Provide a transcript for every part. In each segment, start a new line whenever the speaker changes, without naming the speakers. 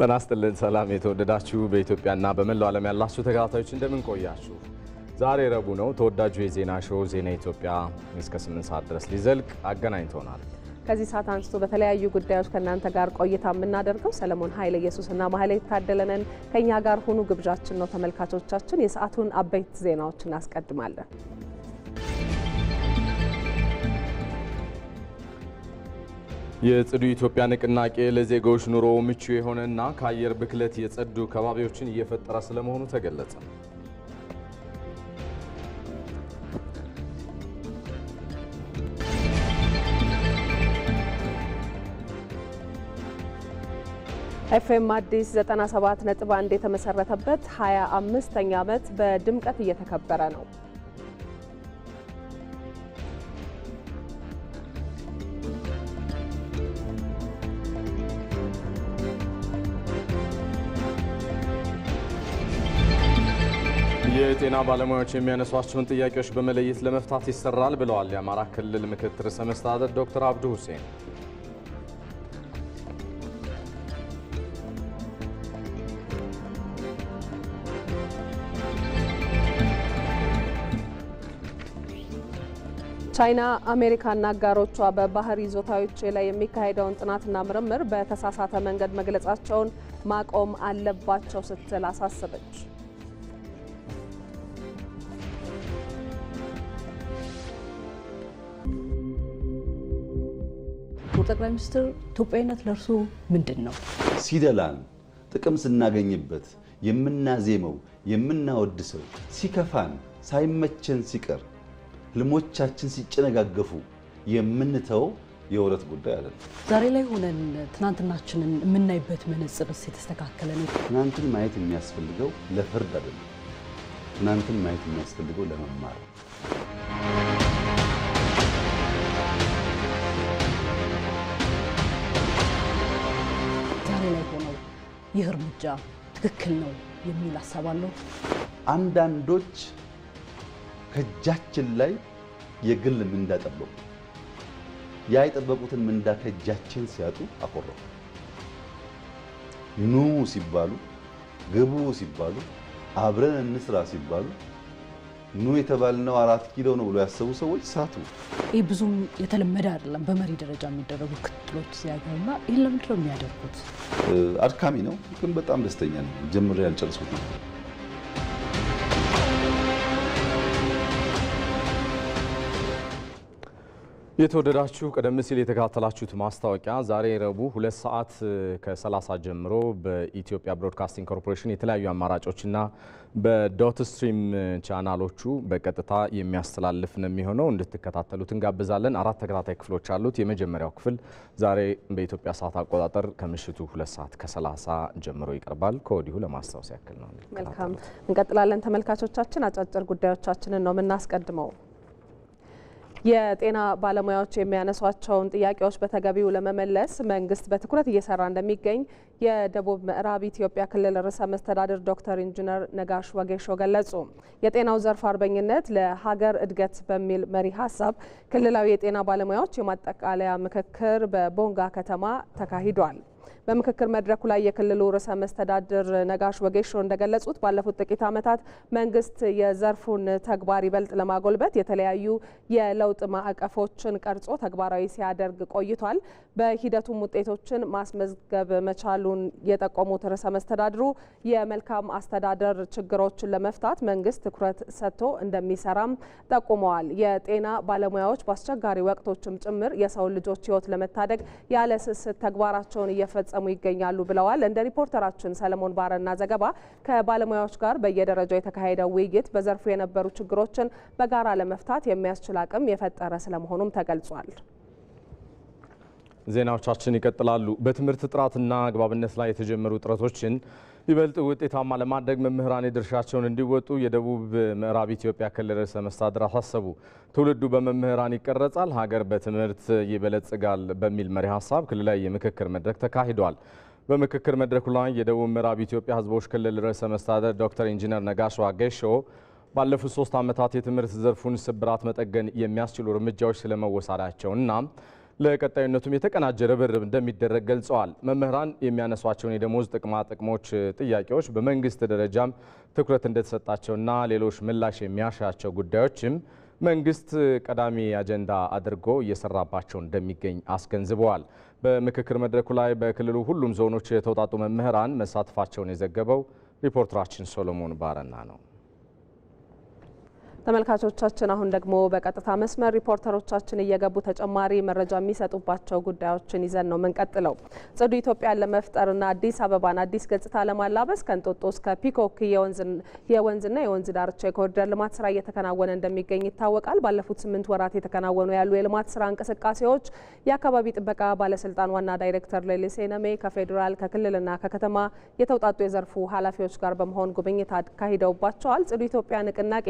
ጤና ይስጥልን። ሰላም የተወደዳችሁ በኢትዮጵያና በመላው ዓለም ያላችሁ ተከታታዮች እንደምን ቆያችሁ? ዛሬ ረቡዕ ነው። ተወዳጁ የዜና ሾው ዜና ኢትዮጵያ እስከ 8 ሰዓት ድረስ ሊዘልቅ አገናኝተውናል።
ከዚህ ሰዓት አንስቶ በተለያዩ ጉዳዮች ከእናንተ ጋር ቆይታ የምናደርገው ሰለሞን ኃይለ ኢየሱስና ማህሌ የታደለነን ከእኛ ጋር ሁኑ ግብዣችን ነው። ተመልካቾቻችን የሰዓቱን አበይት ዜናዎች እናስቀድማለን።
የጽዱ ኢትዮጵያ ንቅናቄ ለዜጎች ኑሮ ምቹ የሆነና ከአየር ብክለት የጸዱ ከባቢዎችን እየፈጠረ ስለመሆኑ ተገለጸ።
ኤፍኤም አዲስ ነጥባ1 የተመሰረተበት 25ኛ ዓመት በድምቀት እየተከበረ ነው።
የጤና ባለሙያዎች የሚያነሷቸውን ጥያቄዎች በመለየት ለመፍታት ይሰራል ብለዋል የአማራ ክልል ምክትል ርዕሰ ዶክተር አብዱ ሁሴን።
ቻይና አሜሪካና አጋሮቿ በባህር ይዞታዎች ላይ የሚካሄደውን ጥናትና ምርምር በተሳሳተ መንገድ መግለጻቸውን ማቆም አለባቸው ስትል አሳሰበች።
ጠቅላይ ሚኒስትር ኢትዮጵያዊነት ለእርሱ ምንድን ነው?
ሲደላን ጥቅም ስናገኝበት የምናዜመው የምናወድሰው፣ ሲከፋን ሳይመቸን ሲቀር ህልሞቻችን ሲጨነጋገፉ የምንተው የውረት ጉዳይ አለ።
ዛሬ ላይ ሆነን ትናንትናችንን የምናይበት መነጽርስ የተስተካከለ ነው?
ትናንትን ማየት የሚያስፈልገው ለፍርድ አይደለም። ትናንትን ማየት የሚያስፈልገው ለመማር
ይህ እርምጃ ትክክል ነው የሚል ሀሳብ አለው።
አንዳንዶች ከእጃችን ላይ የግል ምንዳ ጠበቁ። ያ የጠበቁትን ምንዳ ከእጃችን ሲያጡ አኮረፉ። ኑ ሲባሉ፣ ግቡ ሲባሉ፣ አብረን እንስራ ሲባሉ ኑ የተባልነው አራት ኪሎ ነው ብሎ ያሰቡ ሰዎች ሳቱ።
ይህ ብዙም የተለመደ አይደለም። በመሪ ደረጃ የሚደረጉ ክትሎች ሲያገኙና ይህን ለምንድን ነው የሚያደርጉት?
አድካሚ ነው፣ ግን በጣም ደስተኛ ነው። ጀምሬ ያልጨርሱት ነው።
የተወደዳችሁ ቀደም ሲል የተከታተላችሁት ማስታወቂያ ዛሬ ረቡዕ ሁለት ሰዓት ከ30 ጀምሮ በኢትዮጵያ ብሮድካስቲንግ ኮርፖሬሽን የተለያዩ አማራጮችና በዶት ስትሪም ቻናሎቹ በቀጥታ የሚያስተላልፍ ነው የሚሆነው። እንድትከታተሉት እንጋብዛለን። አራት ተከታታይ ክፍሎች አሉት። የመጀመሪያው ክፍል ዛሬ በኢትዮጵያ ሰዓት አቆጣጠር ከምሽቱ ሁለት ሰዓት ከሰላሳ ጀምሮ ይቀርባል። ከወዲሁ ለማስታወስ ያክል ነው።
መልካም እንቀጥላለን። ተመልካቾቻችን አጫጭር ጉዳዮቻችንን ነው የምናስቀድመው። የጤና ባለሙያዎች የሚያነሷቸውን ጥያቄዎች በተገቢው ለመመለስ መንግስት በትኩረት እየሰራ እንደሚገኝ የደቡብ ምዕራብ ኢትዮጵያ ክልል ርዕሰ መስተዳድር ዶክተር ኢንጂነር ነጋሽ ወጌሾ ገለጹ። የጤናው ዘርፍ አርበኝነት ለሀገር እድገት በሚል መሪ ሀሳብ ክልላዊ የጤና ባለሙያዎች የማጠቃለያ ምክክር በቦንጋ ከተማ ተካሂዷል። በምክክር መድረኩ ላይ የክልሉ ርዕሰ መስተዳድር ነጋሽ ወጌሾ እንደገለጹት ባለፉት ጥቂት ዓመታት መንግስት የዘርፉን ተግባር ይበልጥ ለማጎልበት የተለያዩ የለውጥ ማዕቀፎችን ቀርጾ ተግባራዊ ሲያደርግ ቆይቷል። በሂደቱም ውጤቶችን ማስመዝገብ መቻሉን የጠቆሙት ርዕሰ መስተዳድሩ የመልካም አስተዳደር ችግሮችን ለመፍታት መንግስት ትኩረት ሰጥቶ እንደሚሰራም ጠቁመዋል። የጤና ባለሙያዎች በአስቸጋሪ ወቅቶችም ጭምር የሰው ልጆች ህይወት ለመታደግ ያለ ስስት ተግባራቸውን እየፈጸሙ እየፈጸሙ ይገኛሉ ብለዋል። እንደ ሪፖርተራችን ሰለሞን ባረና ዘገባ ከባለሙያዎች ጋር በየደረጃው የተካሄደው ውይይት በዘርፉ የነበሩ ችግሮችን በጋራ ለመፍታት የሚያስችል አቅም የፈጠረ ስለመሆኑም ተገልጿል።
ዜናዎቻችን ይቀጥላሉ። በትምህርት ጥራትና አግባብነት ላይ የተጀመሩ ጥረቶችን ይበልጥ ውጤታማ ለማድረግ መምህራን የድርሻቸውን እንዲወጡ የደቡብ ምዕራብ ኢትዮጵያ ክልል ርዕሰ መስተዳድር አሳሰቡ። ትውልዱ በመምህራን ይቀረጻል፣ ሀገር በትምህርት ይበለጽጋል በሚል መሪ ሀሳብ ክልላዊ የምክክር መድረክ ተካሂዷል። በምክክር መድረኩ ላይ የደቡብ ምዕራብ ኢትዮጵያ ህዝቦች ክልል ርዕሰ መስተዳድር ዶክተር ኢንጂነር ነጋሽ ዋጌሾ ባለፉት ሶስት ዓመታት የትምህርት ዘርፉን ስብራት መጠገን የሚያስችሉ እርምጃዎች ስለመወሰዳቸውና ለቀጣዩነቱም የተቀናጀ ርብርብ እንደሚደረግ ገልጸዋል። መምህራን የሚያነሷቸውን የደሞዝ ጥቅማ ጥቅሞች ጥያቄዎች በመንግስት ደረጃም ትኩረት እንደተሰጣቸውና ሌሎች ምላሽ የሚያሻቸው ጉዳዮችም መንግስት ቀዳሚ አጀንዳ አድርጎ እየሰራባቸው እንደሚገኝ አስገንዝበዋል። በምክክር መድረኩ ላይ በክልሉ ሁሉም ዞኖች የተውጣጡ መምህራን መሳተፋቸውን የዘገበው ሪፖርተራችን ሶሎሞን ባረና ነው።
ተመልካቾቻችን አሁን ደግሞ በቀጥታ መስመር ሪፖርተሮቻችን እየገቡ ተጨማሪ መረጃ የሚሰጡባቸው ጉዳዮችን ይዘን ነው የምንቀጥለው። ጽዱ ኢትዮጵያን ለመፍጠርና አዲስ አበባን አዲስ ገጽታ ለማላበስ ከእንጦጦ እስከ ፒኮክ የወንዝና የወንዝ ዳርቻ የኮሪደር ልማት ስራ እየተከናወነ እንደሚገኝ ይታወቃል። ባለፉት ስምንት ወራት የተከናወኑ ያሉ የልማት ስራ እንቅስቃሴዎች የአካባቢ ጥበቃ ባለስልጣን ዋና ዳይሬክተር ሌሊሴ ነሜ ከፌዴራል ከክልልና ከከተማ የተውጣጡ የዘርፉ ኃላፊዎች ጋር በመሆን ጉብኝት አካሂደውባቸዋል። ጽዱ ኢትዮጵያ ንቅናቄ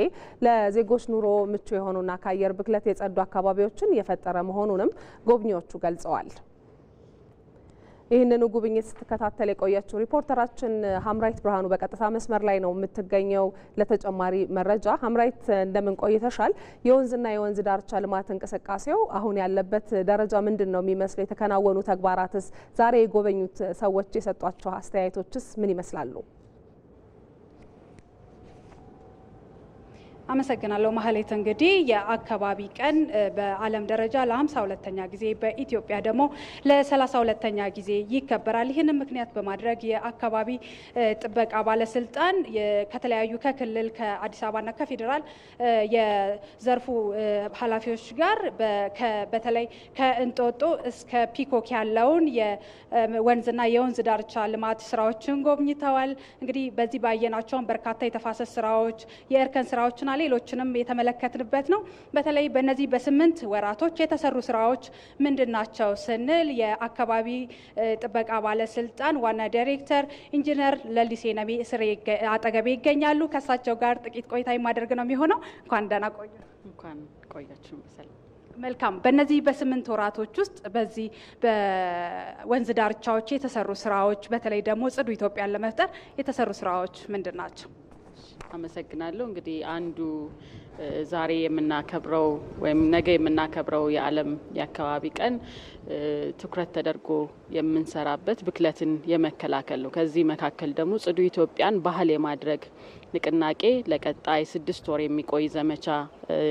ለዜጎች ኑሮ ምቹ የሆኑና ከአየር ብክለት የጸዱ አካባቢዎችን የፈጠረ መሆኑንም ጎብኚዎቹ ገልጸዋል። ይህንኑ ጉብኝት ስትከታተል የቆየችው ሪፖርተራችን ሀምራይት ብርሃኑ በቀጥታ መስመር ላይ ነው የምትገኘው። ለተጨማሪ መረጃ ሀምራይት እንደምን ቆይተሻል? የወንዝና የወንዝ ዳርቻ ልማት እንቅስቃሴው አሁን ያለበት ደረጃ ምንድን ነው የሚመስለው? የተከናወኑ ተግባራትስ፣ ዛሬ የጎበኙት ሰዎች የሰጧቸው አስተያየቶችስ ምን ይመስላሉ?
አመሰግናለሁ ማህሌት። እንግዲህ የአካባቢ ቀን በዓለም ደረጃ ለ52ተኛ ጊዜ በኢትዮጵያ ደግሞ ለ32ተኛ ጊዜ ይከበራል። ይህንን ምክንያት በማድረግ የአካባቢ ጥበቃ ባለስልጣን ከተለያዩ ከክልል ከአዲስ አበባና ከፌዴራል የዘርፉ ኃላፊዎች ጋር በተለይ ከእንጦጦ እስከ ፒኮክ ያለውን የወንዝና የወንዝ ዳርቻ ልማት ስራዎችን ጎብኝተዋል። እንግዲህ በዚህ ባየናቸውን በርካታ የተፋሰስ ስራዎች፣ የእርከን ስራዎችን ሌሎችንም የተመለከትንበት ነው። በተለይ በነዚህ በስምንት ወራቶች የተሰሩ ስራዎች ምንድን ናቸው ስንል የአካባቢ ጥበቃ ባለስልጣን ዋና ዳይሬክተር ኢንጂነር ለሊሴ ነቢ አጠገቤ ይገኛሉ። ከእሳቸው ጋር ጥቂት ቆይታ የማደርግ ነው የሚሆነው። እንኳን ደህና ቆዩ። እንኳን መልካም። በእነዚህ በስምንት ወራቶች ውስጥ በዚህ በወንዝ ዳርቻዎች የተሰሩ ስራዎች፣ በተለይ ደግሞ ጽዱ ኢትዮጵያን ለመፍጠር የተሰሩ ስራዎች ምንድን ናቸው? አመሰግናለሁ። እንግዲህ አንዱ ዛሬ የምናከብረው ወይም ነገ የምናከብረው የዓለም የአካባቢ ቀን ትኩረት ተደርጎ የምንሰራበት ብክለትን የመከላከል ነው። ከዚህ መካከል ደግሞ ጽዱ ኢትዮጵያን ባህል የማድረግ ንቅናቄ ለቀጣይ ስድስት ወር የሚቆይ ዘመቻ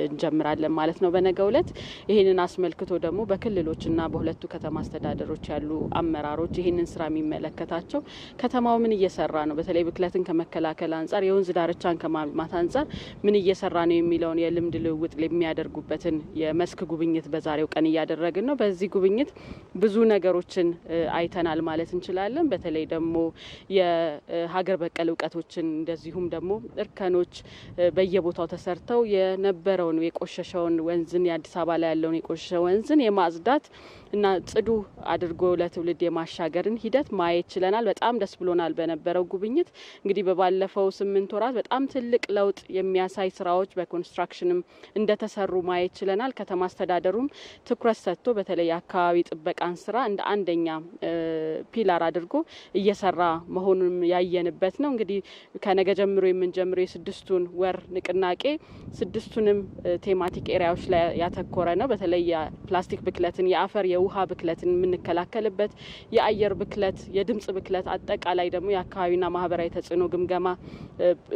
እንጀምራለን ማለት ነው በነገ ውለት ይህንን አስመልክቶ ደግሞ በክልሎችና በሁለቱ ከተማ አስተዳደሮች ያሉ አመራሮች ይህንን ስራ የሚመለከታቸው ከተማው ምን እየሰራ ነው፣ በተለይ ብክለትን ከመከላከል አንጻር፣ የወንዝ ዳርቻን ከማልማት አንጻር ምን እየሰራ ነው የሚ የሚለውን የልምድ ልውውጥ የሚያደርጉበትን የመስክ ጉብኝት በዛሬው ቀን እያደረግን ነው። በዚህ ጉብኝት ብዙ ነገሮችን አይተናል ማለት እንችላለን። በተለይ ደግሞ የሀገር በቀል እውቀቶችን እንደዚሁም ደግሞ እርከኖች በየቦታው ተሰርተው የነበረውን የቆሸሸውን ወንዝን የአዲስ አበባ ላይ ያለውን የቆሸሸ ወንዝን የማጽዳት እና ጽዱ አድርጎ ለትውልድ የማሻገርን ሂደት ማየት ችለናል። በጣም ደስ ብሎናል በነበረው ጉብኝት። እንግዲህ በባለፈው ስምንት ወራት በጣም ትልቅ ለውጥ የሚያሳይ ስራዎች በኮንስትራክሽንም እንደተሰሩ ማየት ችለናል። ከተማ አስተዳደሩም ትኩረት ሰጥቶ በተለይ የአካባቢ ጥበቃን ስራ እንደ አንደኛ ፒላር አድርጎ እየሰራ መሆኑን ያየንበት ነው። እንግዲህ ከነገ ጀምሮ የምንጀምረው የስድስቱን ወር ንቅናቄ ስድስቱንም ቴማቲክ ኤሪያዎች ላይ ያተኮረ ነው። በተለይ ፕላስቲክ ብክለትን የአፈር የውሃ ብክለትን የምንከላከልበት፣ የአየር ብክለት፣ የድምጽ ብክለት፣ አጠቃላይ ደግሞ የአካባቢና ማህበራዊ ተጽዕኖ ግምገማ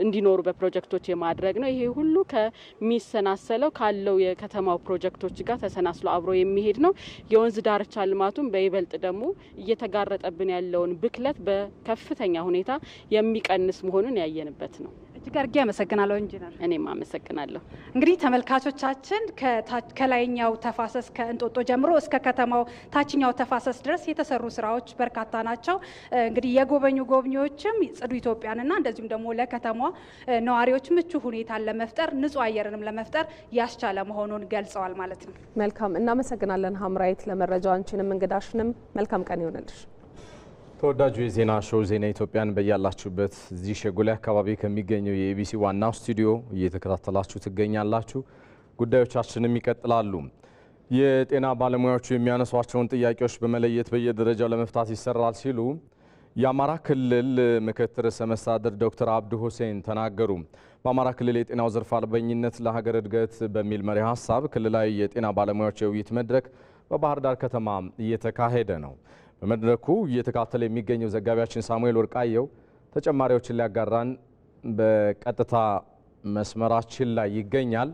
እንዲኖሩ በፕሮጀክቶች የማድረግ ነው። ይሄ ሁሉ ከሚሰናሰለው ካለው የከተማው ፕሮጀክቶች ጋር ተሰናስሎ አብሮ የሚሄድ ነው። የወንዝ ዳርቻ ልማቱን በይበልጥ ደግሞ እየተጋረጠብን ያለውን ብክለት በከፍተኛ ሁኔታ የሚቀንስ መሆኑን ያየንበት
ነው። እጅግ አድርጌ አመሰግናለሁ ኢንጂነር። እኔም አመሰግናለሁ። እንግዲህ ተመልካቾቻችን ከላይኛው ተፋሰስ ከእንጦጦ ጀምሮ እስከ ከተማው ታችኛው ተፋሰስ ድረስ የተሰሩ ስራዎች በርካታ ናቸው። እንግዲህ የጎበኙ ጎብኚዎችም ጽዱ ኢትዮጵያንና እንደዚሁም ደግሞ ለከተማ ነዋሪዎች ምቹ ሁኔታን ለመፍጠር ንጹህ አየርንም ለመፍጠር ያስቻለ መሆኑን ገልጸዋል ማለት ነው። መልካም እናመሰግናለን ሀምራዊት ለመረጃ አንቺንም እንግዳሽንም መልካም ቀን ይሆንልሽ።
ተወዳጁ የዜና ሾው ዜና ኢትዮጵያን በያላችሁበት እዚህ ሸጎሌ አካባቢ ከሚገኘው የኢቢሲ ዋናው ስቱዲዮ እየተከታተላችሁ ትገኛላችሁ። ጉዳዮቻችንም ይቀጥላሉ። የጤና ባለሙያዎቹ የሚያነሷቸውን ጥያቄዎች በመለየት በየደረጃው ለመፍታት ይሰራል ሲሉ የአማራ ክልል ምክትል ርዕሰ መስተዳድር ዶክተር አብዱ ሁሴን ተናገሩ። በአማራ ክልል የጤናው ዘርፍ አልበኝነት ለሀገር እድገት በሚል መሪ ሀሳብ ክልላዊ የጤና ባለሙያዎች የውይይት መድረክ በባህር ዳር ከተማ እየተካሄደ ነው። በመድረኩ እየተካተለ የሚገኘው ዘጋቢያችን ሳሙኤል ወርቃየው ተጨማሪዎችን ሊያጋራን በቀጥታ መስመራችን ላይ ይገኛል።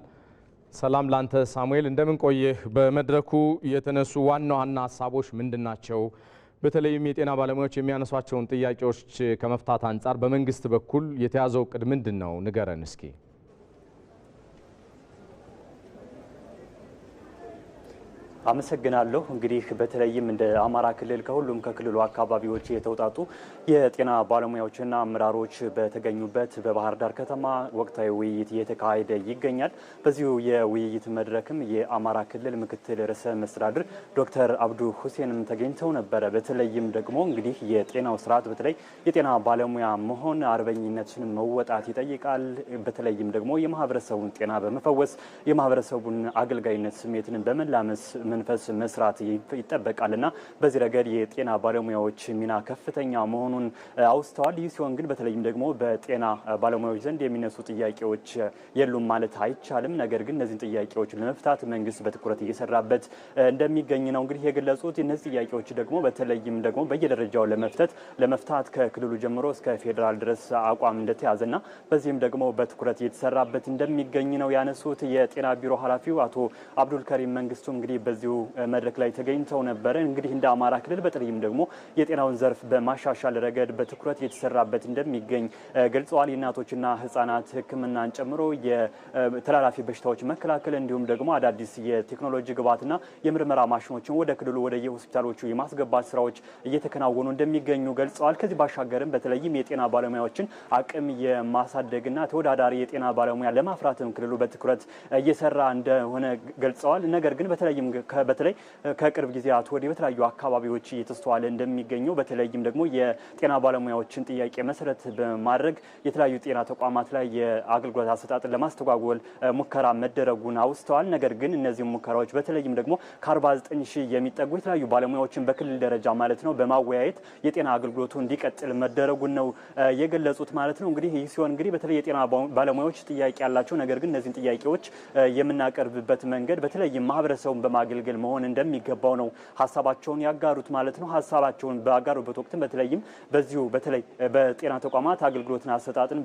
ሰላም ላንተ ሳሙኤል፣ እንደምን ቆየህ? በመድረኩ የተነሱ ዋና ዋና ሀሳቦች ምንድን ናቸው? በተለይም የጤና ባለሙያዎች የሚያነሷቸውን ጥያቄዎች ከመፍታት አንጻር በመንግስት በኩል የተያዘው እቅድ ምንድን ነው? ንገረን እስኪ። አመሰግናለሁ። እንግዲህ በተለይም እንደ አማራ ክልል ከሁሉም ከክልሉ አካባቢዎች የተውጣጡ የጤና ባለሙያዎችና አመራሮች በተገኙበት በባህር ዳር ከተማ ወቅታዊ ውይይት እየተካሄደ ይገኛል። በዚሁ የውይይት መድረክም የአማራ ክልል ምክትል ርዕሰ መስተዳድር ዶክተር አብዱ ሁሴንም ተገኝተው ነበረ። በተለይም ደግሞ እንግዲህ የጤናው ስርዓት በተለይ የጤና ባለሙያ መሆን አርበኝነትን መወጣት ይጠይቃል። በተለይም ደግሞ የማህበረሰቡን ጤና በመፈወስ የማህበረሰቡን አገልጋይነት ስሜትን በመላመስ መንፈስ መስራት ይጠበቃል በዚህ ረገድ የጤና ባለሙያዎች ሚና ከፍተኛ መሆኑን አውስተዋል። ይህ ሲሆን ግን በተለይም ደግሞ በጤና ባለሙያዎች ዘንድ የሚነሱ ጥያቄዎች የሉም ማለት አይቻልም። ነገር ግን እነዚህን ጥያቄዎች ለመፍታት መንግስት በትኩረት እየሰራበት እንደሚገኝ ነው እንግዲህ የገለጹት። እነዚህ ጥያቄዎች ደግሞ በተለይም ደግሞ በየደረጃው ለመፍተት ለመፍታት ከክልሉ ጀምሮ እስከ ፌዴራል ድረስ አቋም እንደተያዘና በዚህም ደግሞ በትኩረት እየተሰራበት እንደሚገኝ ነው ያነሱት። የጤና ቢሮ ኃላፊው አቶ አብዱልከሪም መንግስቱ እንግዲህ በዚህ በዚሁ መድረክ ላይ ተገኝተው ነበረ። እንግዲህ እንደ አማራ ክልል በተለይም ደግሞ የጤናውን ዘርፍ በማሻሻል ረገድ በትኩረት እየተሰራበት እንደሚገኝ ገልጸዋል። የእናቶችና ህጻናት ሕክምናን ጨምሮ የተላላፊ በሽታዎች መከላከል እንዲሁም ደግሞ አዳዲስ የቴክኖሎጂ ግብዓትና የምርመራ ማሽኖችን ወደ ክልሉ ወደ የሆስፒታሎቹ የማስገባት ስራዎች እየተከናወኑ እንደሚገኙ ገልጸዋል። ከዚህ ባሻገርም በተለይም የጤና ባለሙያዎችን አቅም የማሳደግና ተወዳዳሪ የጤና ባለሙያ ለማፍራትም ክልሉ በትኩረት እየሰራ እንደሆነ ገልጸዋል። ነገር ግን በተለይም በተለይ ከቅርብ ጊዜያት ወዲህ በተለያዩ አካባቢዎች እየተስተዋለ እንደሚገኘው በተለይም ደግሞ የጤና ባለሙያዎችን ጥያቄ መሰረት በማድረግ የተለያዩ ጤና ተቋማት ላይ የአገልግሎት አሰጣጥን ለማስተጓጎል ሙከራ መደረጉን አውስተዋል። ነገር ግን እነዚህ ሙከራዎች በተለይም ደግሞ ከ49 ሺህ የሚጠጉ የተለያዩ ባለሙያዎችን በክልል ደረጃ ማለት ነው በማወያየት የጤና አገልግሎቱ እንዲቀጥል መደረጉን ነው የገለጹት ማለት ነው። እንግዲህ ይህ ሲሆን እንግዲህ በተለይ የጤና ባለሙያዎች ጥያቄ ያላቸው ነገር ግን እነዚህን ጥያቄዎች የምናቀርብበት መንገድ በተለይም ማህበረሰቡን በማገ አገልግል መሆን እንደሚገባው ነው ሀሳባቸውን ያጋሩት ማለት ነው። ሀሳባቸውን ባጋሩበት ወቅትም በተለይም በዚሁ በተለይ በጤና ተቋማት አገልግሎትን አሰጣጥን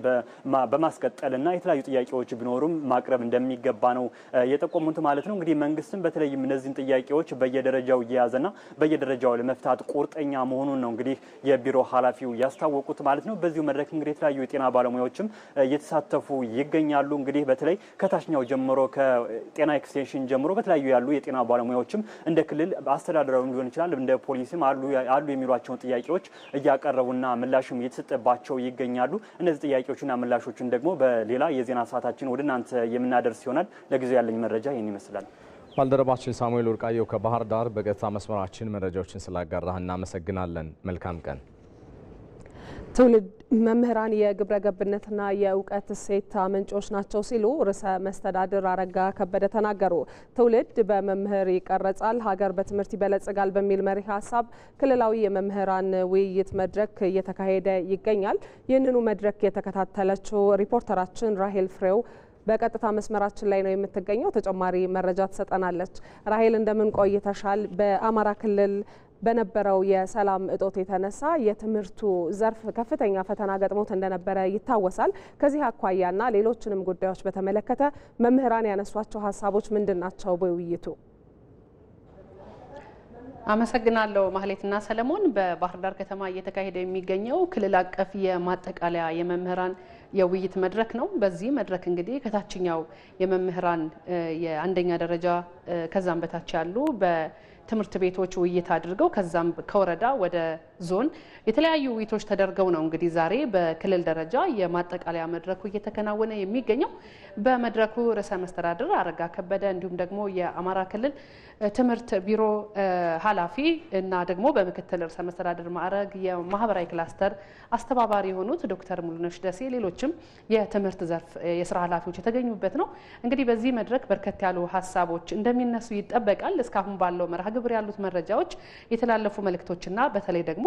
በማስቀጠልና የተለያዩ ጥያቄዎች ቢኖሩም ማቅረብ እንደሚገባ ነው የጠቆሙት ማለት ነው። እንግዲህ መንግስትም በተለይም እነዚህን ጥያቄዎች በየደረጃው እየያዘና በየደረጃው ለመፍታት ቁርጠኛ መሆኑን ነው እንግዲህ የቢሮ ኃላፊው ያስታወቁት ማለት ነው። በዚሁ መድረክ እንግዲህ የተለያዩ የጤና ባለሙያዎችም እየተሳተፉ ይገኛሉ። እንግዲህ በተለይ ከታችኛው ጀምሮ ከጤና ኤክስቴንሽን ጀምሮ በተለያዩ ያሉ የጤና ባለሙያዎችም እንደ ክልል አስተዳደራዊም ሊሆን ይችላል እንደ ፖሊስም አሉ የሚሏቸውን ጥያቄዎች እያቀረቡና ምላሽም እየተሰጠባቸው ይገኛሉ። እነዚህ ጥያቄዎችና ምላሾችን ደግሞ በሌላ የዜና ሰዓታችን ወደ እናንተ የምናደርስ ይሆናል። ለጊዜው ያለኝ መረጃ ይህን ይመስላል። ባልደረባችን ሳሙኤል ወርቃየው ከባህር ዳር በቀጥታ መስመራችን መረጃዎችን ስላጋራህ እናመሰግናለን። መልካም ቀን።
መምህራን የግብረ ገብነትና የእውቀት እሴት ምንጮች ናቸው ሲሉ ርዕሰ መስተዳድር አረጋ ከበደ ተናገሩ። ትውልድ በመምህር ይቀረጻል፣ ሀገር በትምህርት ይበለጽጋል በሚል መሪ ሀሳብ ክልላዊ የመምህራን ውይይት መድረክ እየተካሄደ ይገኛል። ይህንኑ መድረክ የተከታተለችው ሪፖርተራችን ራሄል ፍሬው በቀጥታ መስመራችን ላይ ነው የምትገኘው። ተጨማሪ መረጃ ትሰጠናለች። ራሄል እንደምን ቆይተሻል? በአማራ ክልል በነበረው የሰላም እጦት የተነሳ የትምህርቱ ዘርፍ ከፍተኛ ፈተና ገጥሞት እንደነበረ ይታወሳል። ከዚህ አኳያና ሌሎችንም ጉዳዮች በተመለከተ መምህራን ያነሷቸው ሀሳቦች ምንድን ናቸው? በውይይቱ አመሰግናለሁ ማህሌትና ሰለሞን። በባህር ዳር ከተማ እየተካሄደ የሚገኘው ክልል አቀፍ የማጠቃለያ የመምህራን የውይይት መድረክ ነው። በዚህ መድረክ እንግዲህ ከታችኛው የመምህራን የአንደኛ ደረጃ ከዛም በታች ያሉ ትምህርት ቤቶች ውይይት አድርገው ከዛም ከወረዳ ወደ ዞን የተለያዩ ውይይቶች ተደርገው ነው እንግዲህ ዛሬ በክልል ደረጃ የማጠቃለያ መድረኩ እየተከናወነ የሚገኘው። በመድረኩ ርዕሰ መስተዳድር አረጋ ከበደ እንዲሁም ደግሞ የአማራ ክልል ትምህርት ቢሮ ኃላፊ እና ደግሞ በምክትል ርዕሰ መስተዳድር ማዕረግ የማህበራዊ ክላስተር አስተባባሪ የሆኑት ዶክተር ሙሉነሽ ደሴ፣ ሌሎችም የትምህርት ዘርፍ የስራ ኃላፊዎች የተገኙበት ነው። እንግዲህ በዚህ መድረክ በርከት ያሉ ሀሳቦች እንደሚነሱ ይጠበቃል። እስካሁን ባለው መርሃ ግብር ያሉት መረጃዎች፣ የተላለፉ መልእክቶችና በተለይ ደግሞ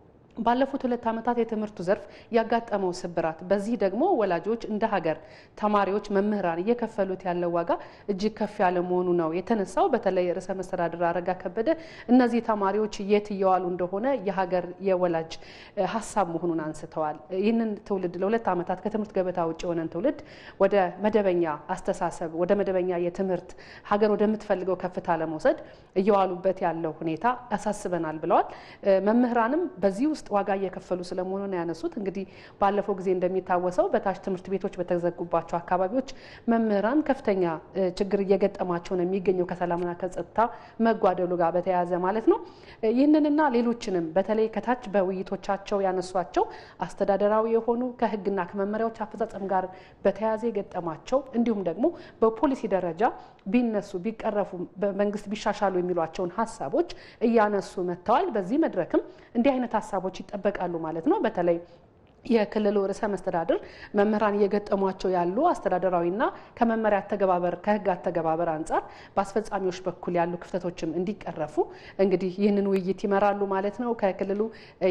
ባለፉት ሁለት ዓመታት የትምህርቱ ዘርፍ ያጋጠመው ስብራት፣ በዚህ ደግሞ ወላጆች እንደ ሀገር፣ ተማሪዎች፣ መምህራን እየከፈሉት ያለው ዋጋ እጅግ ከፍ ያለ መሆኑ ነው የተነሳው። በተለይ ርዕሰ መስተዳድር አረጋ ከበደ እነዚህ ተማሪዎች የት እየዋሉ እንደሆነ የሀገር የወላጅ ሀሳብ መሆኑን አንስተዋል። ይህንን ትውልድ ለሁለት ዓመታት ከትምህርት ገበታ ውጭ የሆነን ትውልድ ወደ መደበኛ አስተሳሰብ፣ ወደ መደበኛ የትምህርት ሀገር ወደምትፈልገው ከፍታ ለመውሰድ እየዋሉበት ያለው ሁኔታ ያሳስበናል ብለዋል። መምህራንም በዚህ ውስጥ ዋጋ እየከፈሉ ስለመሆኑ ነው ያነሱት። እንግዲህ ባለፈው ጊዜ እንደሚታወሰው በታች ትምህርት ቤቶች በተዘጉባቸው አካባቢዎች መምህራን ከፍተኛ ችግር እየገጠማቸው ነው የሚገኘው ከሰላምና ከጸጥታ መጓደሉ ጋር በተያያዘ ማለት ነው። ይህንንና ሌሎችንም በተለይ ከታች በውይይቶቻቸው ያነሷቸው አስተዳደራዊ የሆኑ ከህግና ከመመሪያዎች አፈጻጸም ጋር በተያያዘ የገጠማቸው እንዲሁም ደግሞ በፖሊሲ ደረጃ ቢነሱ ቢቀረፉ በመንግስት ቢሻሻሉ የሚሏቸውን ሀሳቦች እያነሱ መጥተዋል። በዚህ መድረክም እንዲህ አይነት ሀሳቦች ይጠበቃሉ ማለት ነው። በተለይ የክልሉ ርዕሰ መስተዳድር መምህራን እየገጠሟቸው ያሉ አስተዳደራዊና ከመመሪያ አተገባበር ከህግ አተገባበር አንጻር በአስፈጻሚዎች በኩል ያሉ ክፍተቶችም እንዲቀረፉ እንግዲህ ይህንን ውይይት ይመራሉ ማለት ነው። ከክልሉ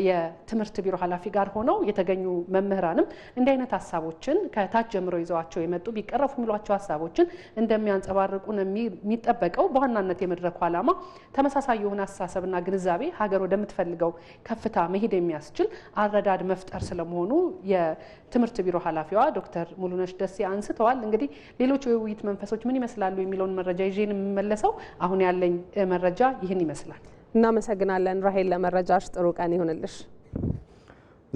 የትምህርት ቢሮ ኃላፊ ጋር ሆነው የተገኙ መምህራንም እንዲህ አይነት ሀሳቦችን ከታች ጀምሮ ይዘዋቸው የመጡ ቢቀረፉ የሚሏቸው ሀሳቦችን እንደሚያንጸባርቁ ነው የሚጠበቀው። በዋናነት የመድረኩ ዓላማ ተመሳሳይ የሆነ አስተሳሰብና ግንዛቤ ሀገር ወደምትፈልገው ከፍታ መሄድ የሚያስችል አረዳድ መፍጠር ስለመሆኑ እንደሆኑ የትምህርት ቢሮ ኃላፊዋ ዶክተር ሙሉነሽ ደሴ አንስተዋል። እንግዲህ ሌሎች የውይይት መንፈሶች ምን ይመስላሉ የሚለውን መረጃ ይዤን የምመለሰው። አሁን ያለኝ መረጃ ይህን ይመስላል። እናመሰግናለን ራሄል ለመረጃሽ። ጥሩ ቀን ይሁንልሽ።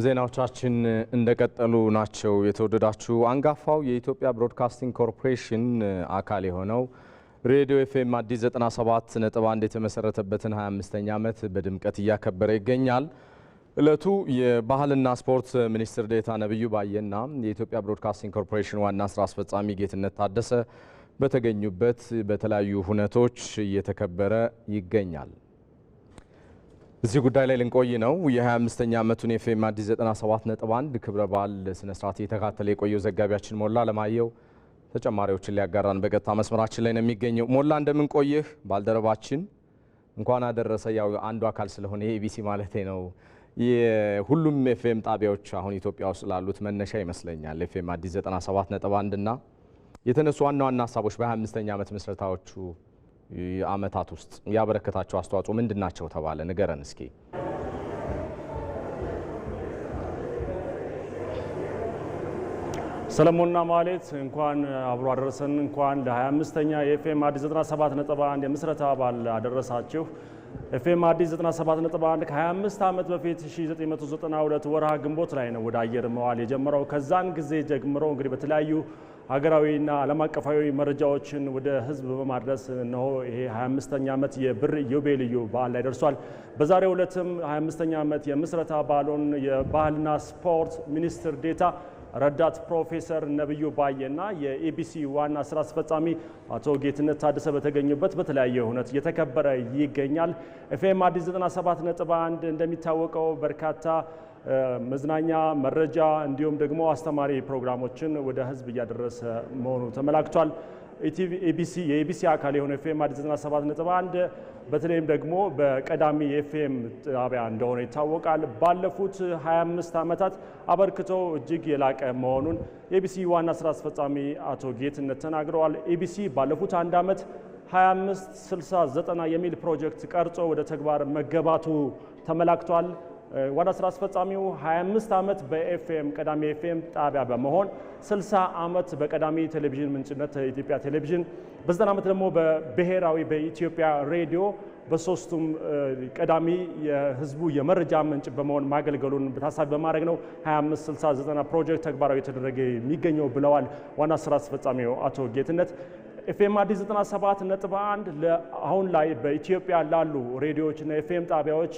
ዜናዎቻችን እንደቀጠሉ ናቸው። የተወደዳችሁ አንጋፋው የኢትዮጵያ ብሮድካስቲንግ ኮርፖሬሽን አካል የሆነው ሬዲዮ ኤፍኤም አዲስ 97 ነጥብ 1 የተመሰረተበትን 25ኛ ዓመት በድምቀት እያከበረ ይገኛል። እለቱ የባህልና ስፖርት ሚኒስትር ዴታ ነብዩ ባየና የኢትዮጵያ ብሮድካስቲንግ ኮርፖሬሽን ዋና ስራ አስፈጻሚ ጌትነት ታደሰ በተገኙበት በተለያዩ ሁነቶች እየተከበረ ይገኛል። እዚህ ጉዳይ ላይ ልንቆይ ነው። የ25ኛ ዓመቱን የኤፍኤም አዲስ 97.1 ክብረ በዓል ስነስርዓት እየተካተለ የቆየው ዘጋቢያችን ሞላ ለማየው ተጨማሪዎችን ሊያጋራን በቀጥታ መስመራችን ላይ ነው የሚገኘው። ሞላ እንደምን ቆየህ? ባልደረባችን እንኳን አደረሰ። ያው አንዱ አካል ስለሆነ የኤቢሲ ማለቴ ነው የሁሉም ኤፍኤም ጣቢያዎች አሁን ኢትዮጵያ ውስጥ ላሉት መነሻ ይመስለኛል። ኤፍኤም አዲስ 97.1 አንድና የተነሱ ዋና ዋና ሀሳቦች በ25ኛ ዓመት ምስረታዎቹ አመታት ውስጥ ያበረከታቸው አስተዋጽኦ ምንድን ናቸው ተባለ። ንገረን እስኪ። ሰለሞንና ማሌት እንኳን አብሮ አደረሰን። እንኳን ለ25ኛ የኤፍኤም አዲስ አንድ የምስረታ በዓል አደረሳችሁ። ኤፍኤም አዲስ 97.1 ከ25 ዓመት በፊት 1992 ወርሃ ግንቦት ላይ ነው ወደ አየር መዋል የጀመረው። ከዛን ጊዜ ጀምሮ እንግዲህ በተለያዩ ሀገራዊና ዓለም አቀፋዊ መረጃዎችን ወደ ህዝብ በማድረስ እነሆ ይሄ 25ኛ ዓመት የብር ኢዮቤልዩ በዓል ላይ ደርሷል። በዛሬው ዕለትም 25ኛ ዓመት የምስረታ በዓሉን የባህልና ስፖርት ሚኒስትር ዴታ ረዳት ፕሮፌሰር ነብዩ ባየና የኤቢሲ ዋና ስራ አስፈጻሚ አቶ ጌትነት ታደሰ በተገኙበት በተለያየ ሁነት እየተከበረ ይገኛል። ኤፍኤም አዲስ 1 እንደሚታወቀው በርካታ መዝናኛ መረጃ እንዲሁም ደግሞ አስተማሪ ፕሮግራሞችን ወደ ህዝብ እያደረሰ መሆኑ ተመላክቷል። ኢቲቪ ኤቢሲ የኤቢሲ አካል የሆነ ኤፍኤም አዲስ 97.1 በተለይም ደግሞ በቀዳሚ የኤፍኤም ጣቢያ እንደሆነ ይታወቃል። ባለፉት 25 ዓመታት አበርክቶ እጅግ የላቀ መሆኑን የኤቢሲ ዋና ስራ አስፈጻሚ አቶ ጌትነት ተናግረዋል። ኤቢሲ ባለፉት አንድ ዓመት 25 60 90 የሚል ፕሮጀክት ቀርጾ ወደ ተግባር መገባቱ ተመላክቷል። ዋና ስራ አስፈጻሚው 25 ዓመት በኤፍኤም ቀዳሚ ኤፍኤም ጣቢያ በመሆን 60 ዓመት በቀዳሚ ቴሌቪዥን ምንጭነት ኢትዮጵያ ቴሌቪዥን በዘጠና ዓመት ደግሞ በብሔራዊ በኢትዮጵያ ሬዲዮ በሶስቱም ቀዳሚ የህዝቡ የመረጃ ምንጭ በመሆን ማገልገሉን በታሳቢ በማድረግ ነው 2569 ፕሮጀክት ተግባራዊ የተደረገ የሚገኘው ብለዋል ዋና ስራ አስፈጻሚው አቶ ጌትነት። ኤፍኤም አዲስ 97 ነጥብ 1 አሁን ላይ በኢትዮጵያ ላሉ ሬዲዮዎችና ኤፍኤም ጣቢያዎች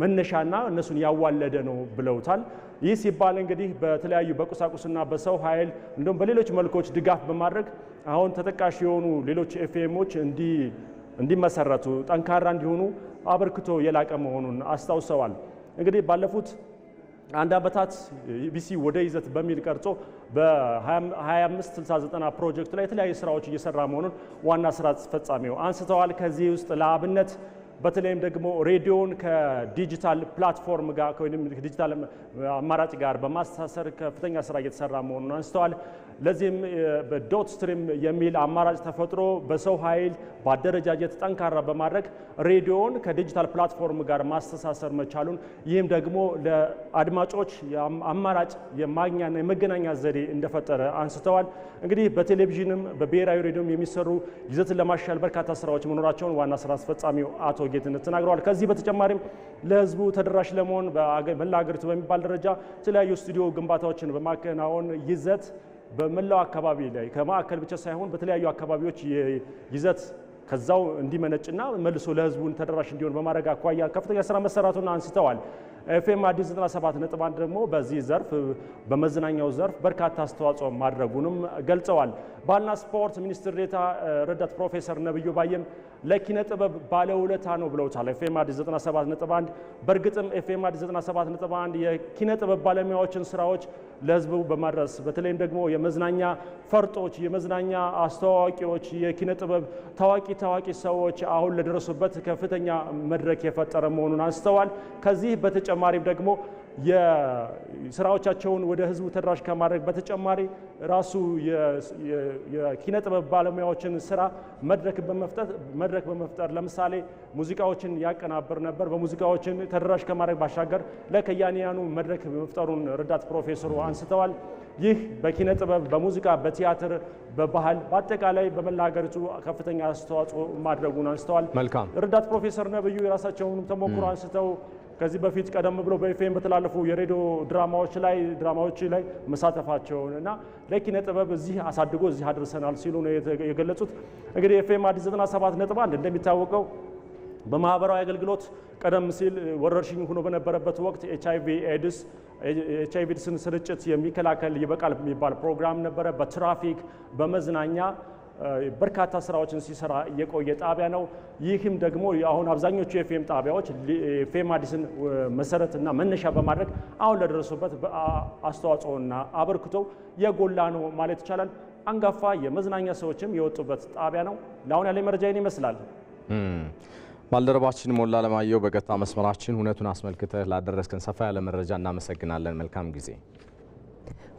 መነሻና እነሱን ያዋለደ ነው ብለውታል። ይህ ሲባል እንግዲህ በተለያዩ በቁሳቁስና በሰው ኃይል እንዲሁም በሌሎች መልኮች ድጋፍ በማድረግ አሁን ተጠቃሽ የሆኑ ሌሎች ኤፍኤሞች እንዲመሰረቱ ጠንካራ እንዲሆኑ አበርክቶ የላቀ መሆኑን አስታውሰዋል። እንግዲህ ባለፉት አንድ ዓመታት ኢቢሲ ወደ ይዘት በሚል ቀርጾ በ2569 ፕሮጀክት ላይ የተለያዩ ስራዎች እየሰራ መሆኑን ዋና ስራ አስፈጻሚው አንስተዋል። ከዚህ ውስጥ ለአብነት በተለይም ደግሞ ሬዲዮን ከዲጂታል ፕላትፎርም ጋር ወይም ከዲጂታል አማራጭ ጋር በማስተሳሰር ከፍተኛ ስራ እየተሰራ መሆኑን አንስተዋል። ለዚህም በዶት ስትሪም የሚል አማራጭ ተፈጥሮ በሰው ኃይል በአደረጃጀት ጠንካራ በማድረግ ሬዲዮን ከዲጂታል ፕላትፎርም ጋር ማስተሳሰር መቻሉን ይህም ደግሞ ለአድማጮች አማራጭ የማግኛና የመገናኛ ዘዴ እንደፈጠረ አንስተዋል። እንግዲህ በቴሌቪዥንም በብሔራዊ ሬዲዮም የሚሰሩ ይዘትን ለማሻል በርካታ ስራዎች መኖራቸውን ዋና ስራ አስፈጻሚው አቶ ጌትነት ተናግረዋል። ከዚህ በተጨማሪም ለህዝቡ ተደራሽ ለመሆን በመላ ሀገሪቱ በሚባል ደረጃ የተለያዩ ስቱዲዮ ግንባታዎችን በማከናወን ይዘት በመላው አካባቢ ላይ ከማዕከል ብቻ ሳይሆን በተለያዩ አካባቢዎች ይዘት ከዛው እንዲመነጭና መልሶ ለህዝቡ ተደራሽ እንዲሆን በማድረግ አኳያ ከፍተኛ ስራ መሰራቱን አንስተዋል። ኤፍኤም አዲስ 97 ነጥብ 1 ደግሞ በዚህ ዘርፍ በመዝናኛው ዘርፍ በርካታ አስተዋጽኦ ማድረጉንም ገልጸዋል። ባልና ስፖርት ሚኒስትር ዴታ ረዳት ፕሮፌሰር ነብዩ ባየም ለኪነ ጥበብ ባለውለታ ነው ብለውታል። ኤፍኤም አዲስ 97.1 በእርግጥም ኤፍኤም አዲስ 97.1 የኪነ ጥበብ ባለሙያዎችን ስራዎች ለህዝቡ በማድረስ በተለይም ደግሞ የመዝናኛ ፈርጦች፣ የመዝናኛ አስተዋዋቂዎች፣ የኪነ ጥበብ ታዋቂ ታዋቂ ሰዎች አሁን ለደረሱበት ከፍተኛ መድረክ የፈጠረ መሆኑን አንስተዋል። ከዚህ በተጨማሪም ደግሞ ስራዎቻቸውን ወደ ህዝቡ ተደራሽ ከማድረግ በተጨማሪ ራሱ የኪነ ጥበብ ባለሙያዎችን ስራ መድረክ በመፍጠር ለምሳሌ ሙዚቃዎችን ያቀናብር ነበር። በሙዚቃዎችን ተደራሽ ከማድረግ ባሻገር ለከያንያኑ መድረክ መፍጠሩን ረዳት ፕሮፌሰሩ አንስተዋል። ይህ በኪነ ጥበብ፣ በሙዚቃ፣ በቲያትር፣ በባህል በአጠቃላይ በመላ ሀገሪቱ ከፍተኛ አስተዋጽኦ ማድረጉን አንስተዋል። መልካም ረዳት ፕሮፌሰር ነብዩ የራሳቸውን ተሞክሮ አንስተው ከዚህ በፊት ቀደም ብሎ በኤፍኤም በተላለፉ የሬዲዮ ድራማዎች ላይ ድራማዎች ላይ መሳተፋቸውን እና ለኪነ ጥበብ እዚህ አሳድጎ እዚህ አድርሰናል ሲሉ ነው የገለጹት። እንግዲህ ኤፍኤም አዲስ 97 ነጥብ አንድ እንደሚታወቀው በማህበራዊ አገልግሎት ቀደም ሲል ወረርሽኝ ሆኖ በነበረበት ወቅት ኤች ኤድስ ኤች አይቪ ኤድስን ስርጭት የሚከላከል ይበቃል የሚባል ፕሮግራም ነበረ። በትራፊክ በመዝናኛ በርካታ ስራዎችን ሲሰራ የቆየ ጣቢያ ነው። ይህም ደግሞ አሁን አብዛኞቹ የፌም ጣቢያዎች ፌም አዲስን መሰረትና መነሻ በማድረግ አሁን ለደረሱበት አስተዋጽኦና አበርክቶ የጎላ ነው ማለት ይቻላል። አንጋፋ የመዝናኛ ሰዎችም የወጡበት ጣቢያ ነው። ለአሁን ያለ መረጃ ይህን ይመስላል። ባልደረባችን ሞላ ለማየው በቀጥታ መስመራችን እውነቱን አስመልክተህ ላደረስከን ሰፋ ያለ መረጃ እናመሰግናለን። መልካም ጊዜ።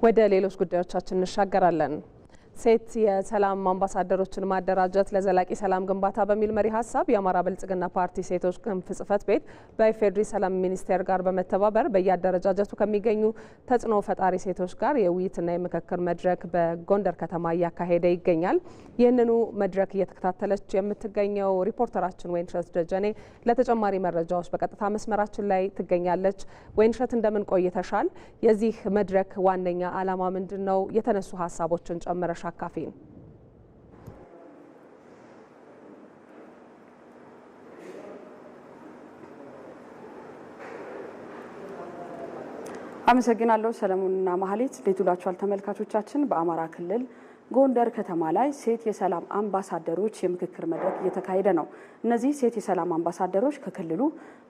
ወደ ሌሎች ጉዳዮቻችን እንሻገራለን። ሴት የሰላም አምባሳደሮችን ማደራጀት ለዘላቂ ሰላም ግንባታ በሚል መሪ ሀሳብ የአማራ ብልጽግና ፓርቲ ሴቶች ክንፍ ጽህፈት ቤት በኢፌዴሪ ሰላም ሚኒስቴር ጋር በመተባበር በየአደረጃጀቱ ከሚገኙ ተጽዕኖ ፈጣሪ ሴቶች ጋር የውይይትና የምክክር መድረክ በጎንደር ከተማ እያካሄደ ይገኛል። ይህንኑ መድረክ እየተከታተለች የምትገኘው ሪፖርተራችን ወይንሸት ደጀኔ ለተጨማሪ መረጃዎች በቀጥታ መስመራችን ላይ ትገኛለች። ወይንሸት እንደምን ቆይተሻል? የዚህ መድረክ ዋነኛ ዓላማ ምንድን ነው? የተነሱ ሀሳቦችን ጨምረሻል? ካፌ ነው። አመሰግናለሁ ሰለሞንና ማህሌት። እንዴት ተመልካቾቻችን? በአማራ ክልል ጎንደር ከተማ ላይ ሴት የሰላም አምባሳደሮች የምክክር መድረክ እየተካሄደ ነው። እነዚህ ሴት የሰላም አምባሳደሮች ከክልሉ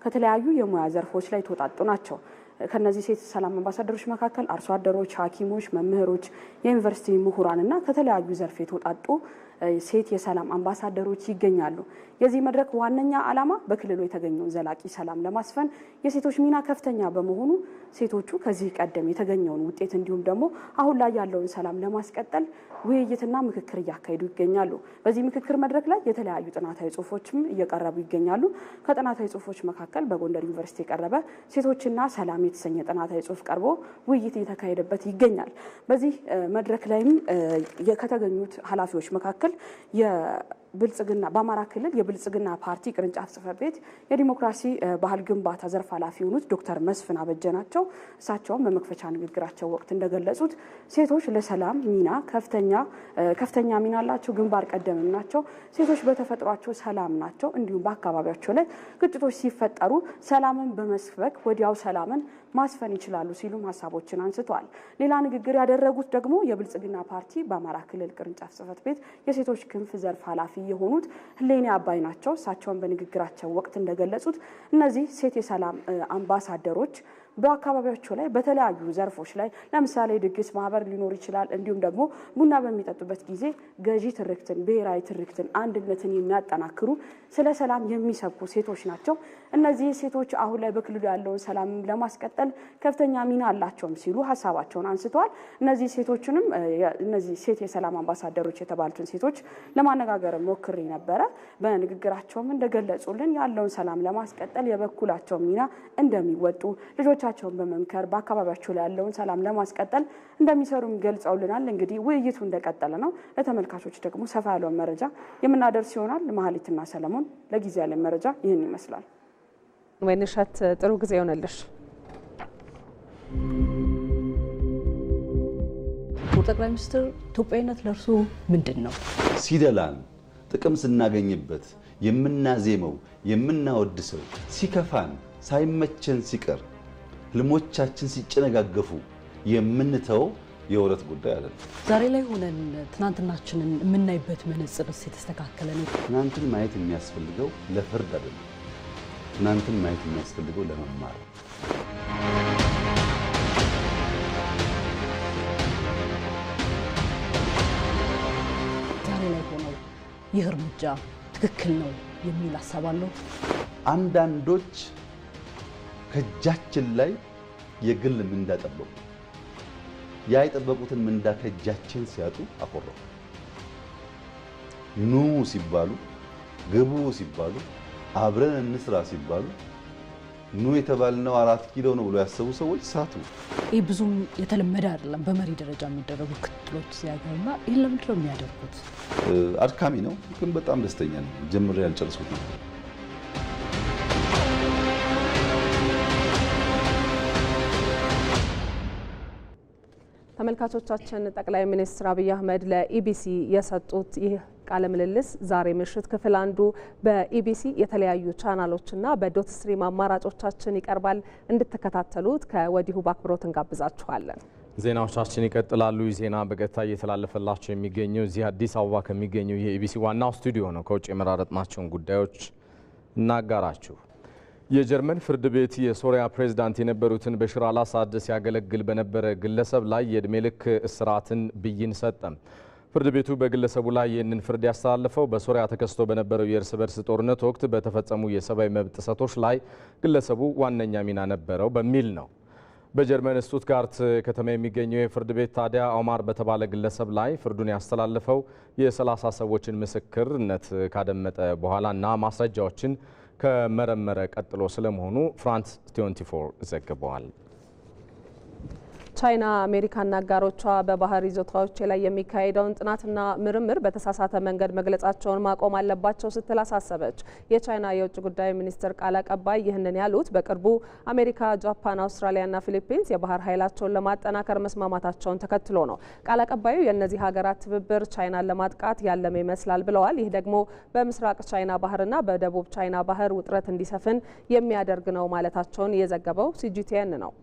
ከተለያዩ የሙያ ዘርፎች ላይ የተወጣጡ ናቸው። ከነዚህ ሴት ሰላም አምባሳደሮች መካከል አርሶ አደሮች፣ ሐኪሞች፣ መምህሮች፣ የዩኒቨርሲቲ ምሁራን እና ከተለያዩ ዘርፍ የተውጣጡ ሴት የሰላም አምባሳደሮች ይገኛሉ። የዚህ መድረክ ዋነኛ ዓላማ በክልሉ የተገኘውን ዘላቂ ሰላም ለማስፈን የሴቶች ሚና ከፍተኛ በመሆኑ ሴቶቹ ከዚህ ቀደም የተገኘውን ውጤት እንዲሁም ደግሞ አሁን ላይ ያለውን ሰላም ለማስቀጠል ውይይትና ምክክር እያካሄዱ ይገኛሉ። በዚህ ምክክር መድረክ ላይ የተለያዩ ጥናታዊ ጽሁፎችም እየቀረቡ ይገኛሉ። ከጥናታዊ ጽሁፎች መካከል በጎንደር ዩኒቨርሲቲ የቀረበ ሴቶችና ሰላም የተሰኘ ጥናታዊ ጽሁፍ ቀርቦ ውይይት እየተካሄደበት ይገኛል። በዚህ መድረክ ላይም ከተገኙት ኃላፊዎች መካከል ብልጽግና በአማራ ክልል የብልጽግና ፓርቲ ቅርንጫፍ ጽሕፈት ቤት የዲሞክራሲ ባህል ግንባታ ዘርፍ ኃላፊ የሆኑት ዶክተር መስፍን አበጀ ናቸው። እሳቸውም በመክፈቻ ንግግራቸው ወቅት እንደገለጹት ሴቶች ለሰላም ሚና ከፍተኛ ከፍተኛ ሚና አላቸው፣ ግንባር ቀደምም ናቸው። ሴቶች በተፈጥሯቸው ሰላም ናቸው። እንዲሁም በአካባቢያቸው ላይ ግጭቶች ሲፈጠሩ ሰላምን በመስበክ ወዲያው ሰላምን ማስፈን ይችላሉ ሲሉም ሀሳቦችን አንስተዋል። ሌላ ንግግር ያደረጉት ደግሞ የብልጽግና ፓርቲ በአማራ ክልል ቅርንጫፍ ጽህፈት ቤት የሴቶች ክንፍ ዘርፍ ኃላፊ የሆኑት ህሌኔ አባይ ናቸው። እሳቸውን በንግግራቸው ወቅት እንደገለጹት እነዚህ ሴት የሰላም አምባሳደሮች በአካባቢያቸው ላይ በተለያዩ ዘርፎች ላይ ለምሳሌ ድግስ ማህበር ሊኖር ይችላል። እንዲሁም ደግሞ ቡና በሚጠጡበት ጊዜ ገዢ ትርክትን፣ ብሔራዊ ትርክትን፣ አንድነትን የሚያጠናክሩ ስለ ሰላም የሚሰብኩ ሴቶች ናቸው። እነዚህ ሴቶች አሁን ላይ በክልሉ ያለውን ሰላም ለማስቀጠል ከፍተኛ ሚና አላቸውም ሲሉ ሀሳባቸውን አንስተዋል። እነዚህ ሴቶችንም እነዚህ ሴት የሰላም አምባሳደሮች የተባሉትን ሴቶች ለማነጋገር ሞክሬ ነበረ። በንግግራቸውም እንደገለጹልን ያለውን ሰላም ለማስቀጠል የበኩላቸው ሚና እንደሚወጡ ልጆች ልጆቻቸውን በመምከር በአካባቢያቸው ላይ ያለውን ሰላም ለማስቀጠል እንደሚሰሩም ገልጸውልናል። እንግዲህ ውይይቱ እንደቀጠለ ነው። ለተመልካቾች ደግሞ ሰፋ ያለውን መረጃ የምናደርስ ይሆናል። መሀሊትና ሰለሞን፣ ለጊዜ ያለን መረጃ ይህን ይመስላል። ወይንሻት ጥሩ ጊዜ ይሆነልሽ።
ጠቅላይ ሚኒስትር ኢትዮጵያዊነት ለእርሱ ምንድን ነው?
ሲደላን ጥቅም ስናገኝበት የምናዜመው የምናወድሰው፣ ሲከፋን ሳይመቸን ሲቀር ህልሞቻችን ሲጨነጋገፉ የምንተው የውረት ጉዳይ አለ። ዛሬ
ላይ ሆነን ትናንትናችንን የምናይበት መነጽርስ የተስተካከለ ነው?
ትናንትን ማየት የሚያስፈልገው ለፍርድ አይደለም። ትናንትን ማየት የሚያስፈልገው ለመማር
ዛሬ ላይ ሆነው ይህ እርምጃ ትክክል ነው የሚል ሀሳብ አለው
አንዳንዶች ከእጃችን ላይ የግል ምንዳ ጠበቁ። ያ የጠበቁትን ምንዳ ከእጃችን ሲያጡ አኮረፉ። ኑ ሲባሉ፣ ግቡ ሲባሉ፣ አብረን እንስራ ሲባሉ ኑ የተባልነው አራት ኪሎ ነው ብሎ ያሰቡ ሰዎች ሳቱ። ይህ ብዙም የተለመደ
አይደለም። በመሪ ደረጃ የሚደረጉ ክትሎች ሲያገኙና ይህን ለምንድን ነው የሚያደርጉት?
አድካሚ ነው፣ ግን በጣም ደስተኛ ነው። ጀምሬ ያልጨረስኩት ነው።
ተመልካቾቻችን ጠቅላይ ሚኒስትር አብይ አህመድ ለኢቢሲ የሰጡት ይህ ቃለ ምልልስ ዛሬ ምሽት ክፍል አንዱ በኢቢሲ የተለያዩ ቻናሎችና በዶት ስትሪም አማራጮቻችን ይቀርባል። እንድትከታተሉት ከወዲሁ በአክብሮት እንጋብዛችኋለን።
ዜናዎቻችን ይቀጥላሉ። ዜና በቀጥታ እየተላለፈላቸው የሚገኘው እዚህ አዲስ አበባ ከሚገኘው የኢቢሲ ዋናው ስቱዲዮ ነው። ከውጭ የመራረጥናቸውን ጉዳዮች እናጋራችሁ። የጀርመን ፍርድ ቤት የሶሪያ ፕሬዝዳንት የነበሩትን በሽር አልአሳድ ሲያገለግል በነበረ ግለሰብ ላይ የእድሜ ልክ እስራትን ብይን ሰጠ። ፍርድ ቤቱ በግለሰቡ ላይ ይህንን ፍርድ ያስተላለፈው በሶሪያ ተከስቶ በነበረው የእርስ በርስ ጦርነት ወቅት በተፈጸሙ የሰብአዊ መብት ጥሰቶች ላይ ግለሰቡ ዋነኛ ሚና ነበረው በሚል ነው። በጀርመን ስቱትጋርት ከተማ የሚገኘው የፍርድ ቤት ታዲያ ኦማር በተባለ ግለሰብ ላይ ፍርዱን ያስተላለፈው የ30 ሰዎችን ምስክርነት ካደመጠ በኋላ እና ማስረጃዎችን كمرمرك أطلو سلم هونو فرانس 24 زكبوال
ቻይና አሜሪካና አጋሮቿ በባህር ይዞታዎች ላይ የሚካሄደውን ጥናትና ምርምር በተሳሳተ መንገድ መግለጻቸውን ማቆም አለባቸው ስትል አሳሰበች። የቻይና የውጭ ጉዳይ ሚኒስትር ቃል አቀባይ ይህንን ያሉት በቅርቡ አሜሪካ፣ ጃፓን፣ አውስትራሊያና ፊሊፒንስ የባህር ኃይላቸውን ለማጠናከር መስማማታቸውን ተከትሎ ነው። ቃል አቀባዩ የእነዚህ ሀገራት ትብብር ቻይናን ለማጥቃት ያለመ ይመስላል ብለዋል። ይህ ደግሞ በምስራቅ ቻይና ባህርና በደቡብ ቻይና ባህር ውጥረት እንዲሰፍን የሚያደርግ ነው ማለታቸውን የዘገበው ሲጂቲኤን ነው።